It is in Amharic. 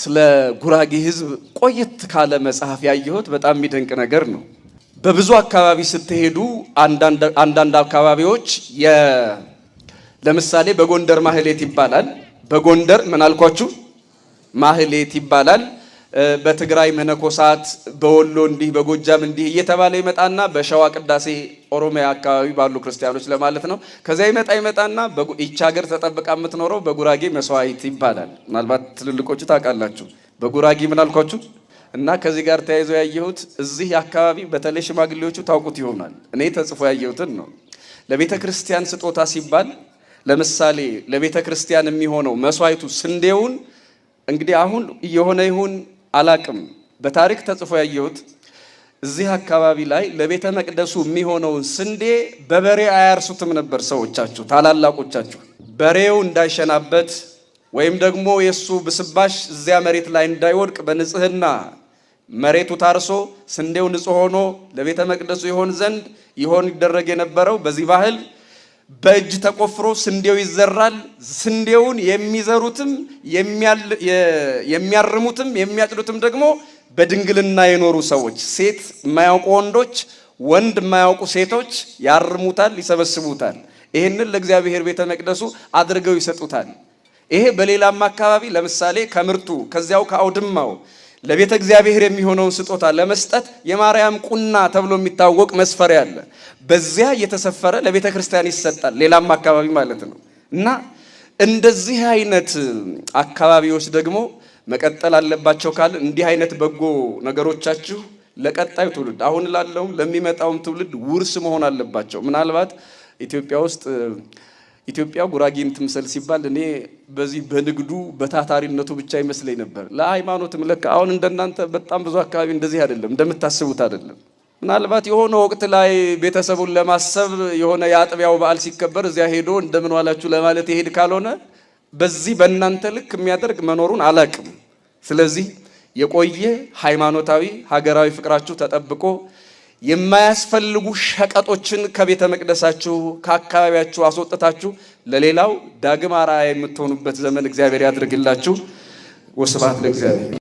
ስለ ጉራጌ ህዝብ ቆየት ካለ መጽሐፍ ያየሁት በጣም የሚደንቅ ነገር ነው። በብዙ አካባቢ ስትሄዱ አንዳንድ አካባቢዎች ለምሳሌ በጎንደር ማህሌት ይባላል። በጎንደር ምን አልኳችሁ? ማህሌት ይባላል። በትግራይ መነኮሳት፣ በወሎ እንዲህ፣ በጎጃም እንዲህ እየተባለ ይመጣና በሸዋ ቅዳሴ ኦሮሚያ አካባቢ ባሉ ክርስቲያኖች ለማለት ነው። ከዚያ ይመጣ ይመጣና ይቺ ሀገር ተጠብቃ የምትኖረው በጉራጌ መስዋዕት ይባላል። ምናልባት ትልልቆቹ ታውቃላችሁ። በጉራጌ ምን አልኳችሁ? እና ከዚህ ጋር ተያይዞ ያየሁት እዚህ አካባቢ በተለይ ሽማግሌዎቹ ታውቁት ይሆናል። እኔ ተጽፎ ያየሁትን ነው። ለቤተ ክርስቲያን ስጦታ ሲባል ለምሳሌ ለቤተ ክርስቲያን የሚሆነው መስዋዕቱ ስንዴውን እንግዲህ አሁን የሆነ ይሁን አላቅም። በታሪክ ተጽፎ ያየሁት እዚህ አካባቢ ላይ ለቤተ መቅደሱ የሚሆነውን ስንዴ በበሬ አያርሱትም ነበር ሰዎቻችሁ፣ ታላላቆቻችሁ። በሬው እንዳይሸናበት ወይም ደግሞ የእሱ ብስባሽ እዚያ መሬት ላይ እንዳይወድቅ በንጽህና መሬቱ ታርሶ ስንዴው ንጹህ ሆኖ ለቤተ መቅደሱ ይሆን ዘንድ ይሆን ይደረግ የነበረው በዚህ ባህል በእጅ ተቆፍሮ ስንዴው ይዘራል። ስንዴውን የሚዘሩትም የሚያርሙትም የሚያጭዱትም ደግሞ በድንግልና የኖሩ ሰዎች፣ ሴት የማያውቁ ወንዶች፣ ወንድ የማያውቁ ሴቶች ያርሙታል፣ ይሰበስቡታል። ይህንን ለእግዚአብሔር ቤተ መቅደሱ አድርገው ይሰጡታል። ይሄ በሌላም አካባቢ ለምሳሌ ከምርቱ ከዚያው ከአውድማው ለቤተ እግዚአብሔር የሚሆነውን ስጦታ ለመስጠት የማርያም ቁና ተብሎ የሚታወቅ መስፈሪያ አለ። በዚያ እየተሰፈረ ለቤተ ክርስቲያን ይሰጣል፣ ሌላም አካባቢ ማለት ነው። እና እንደዚህ አይነት አካባቢዎች ደግሞ መቀጠል አለባቸው ካለ እንዲህ አይነት በጎ ነገሮቻችሁ ለቀጣዩ ትውልድ አሁን ላለውም ለሚመጣውም ትውልድ ውርስ መሆን አለባቸው። ምናልባት ኢትዮጵያ ውስጥ ኢትዮጵያ ጉራጌን ትምሰል ሲባል እኔ በዚህ በንግዱ በታታሪነቱ ብቻ ይመስለኝ ነበር። ለሃይማኖትም ለካ አሁን እንደናንተ በጣም ብዙ አካባቢ እንደዚህ አይደለም፣ እንደምታስቡት አይደለም። ምናልባት የሆነ ወቅት ላይ ቤተሰቡን ለማሰብ የሆነ የአጥቢያው በዓል ሲከበር እዚያ ሄዶ እንደምን ዋላችሁ ለማለት ይሄድ ካልሆነ በዚህ በእናንተ ልክ የሚያደርግ መኖሩን አላቅም። ስለዚህ የቆየ ሃይማኖታዊ ሀገራዊ ፍቅራችሁ ተጠብቆ የማያስፈልጉ ሸቀጦችን ከቤተ መቅደሳችሁ ከአካባቢያችሁ አስወጥታችሁ ለሌላው ዳግም አርአያ የምትሆኑበት ዘመን እግዚአብሔር ያድርግላችሁ። ወስብሐት ለእግዚአብሔር።